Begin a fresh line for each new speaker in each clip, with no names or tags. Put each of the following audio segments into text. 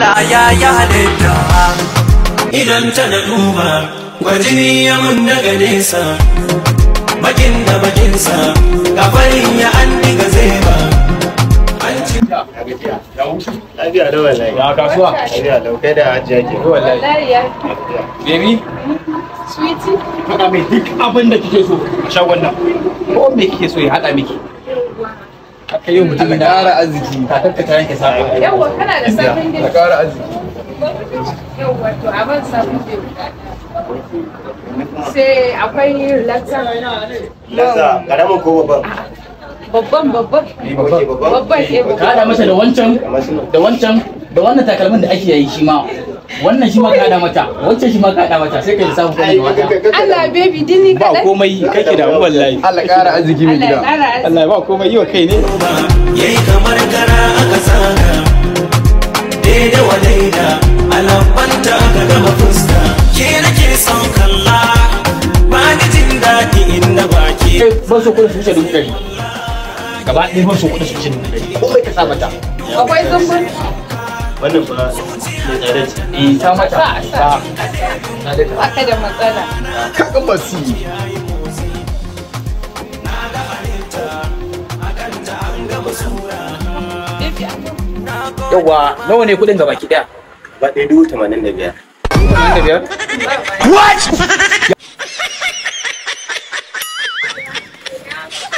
Allah ya yi halitta idan ta na duba gwajin ya mun daga nesa bakin da sa kafarin ya an diga zai ba Lafiya da wallahi. Ya kasuwa? Lafiya da kai da ajiya ke. Wallahi ya. Baby? Sweetie? Faɗa mai duk abin da kike so a shagon nan. Ko me kike so ya haɗa miki? kai yau mutum na ƙara arziki kakar ka tayanke sa yawa kana da sabon dai ka ƙara arziki yawa to a ban sabon dai sai akwai relaxer relaxer karamin ko babban babban babban babban babban eh, ka da masa da wancan da wancan da wannan takalmin da ake yi shi ma wannan shi maka da mata wacce shi maka da mata sai ka yi samu kwanin mata Allah baby dini ka ba komai kake da wallahi Allah kara arziki mai gida Allah ba komai yi wa kai ne yayi kamar gara aka saka daidai wa daida alambanta ka gama fuska ke nake son kalla ba ni jin daɗi inda ba baki eh, ba su kudin su wuce dubu ɗari gaba ɗaya ba su kudin su wuce dubu ɗari komai ka sa mata akwai zumbun wannan fa mai tsada ce eh ta mata ta ba ka da matsala ka ga masu yawa nawa ne kudin gaba ki daya ba ɗaya dubu tamanin da biyar what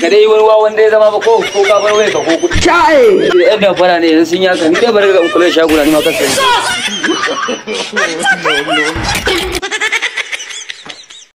ka dai wani wawan dai zama ba ko ko ka bar waya ka ko kuɗi kai yan da fara ne yanzu sun yaka ni dai bar ga kula shaguna ni ma kanka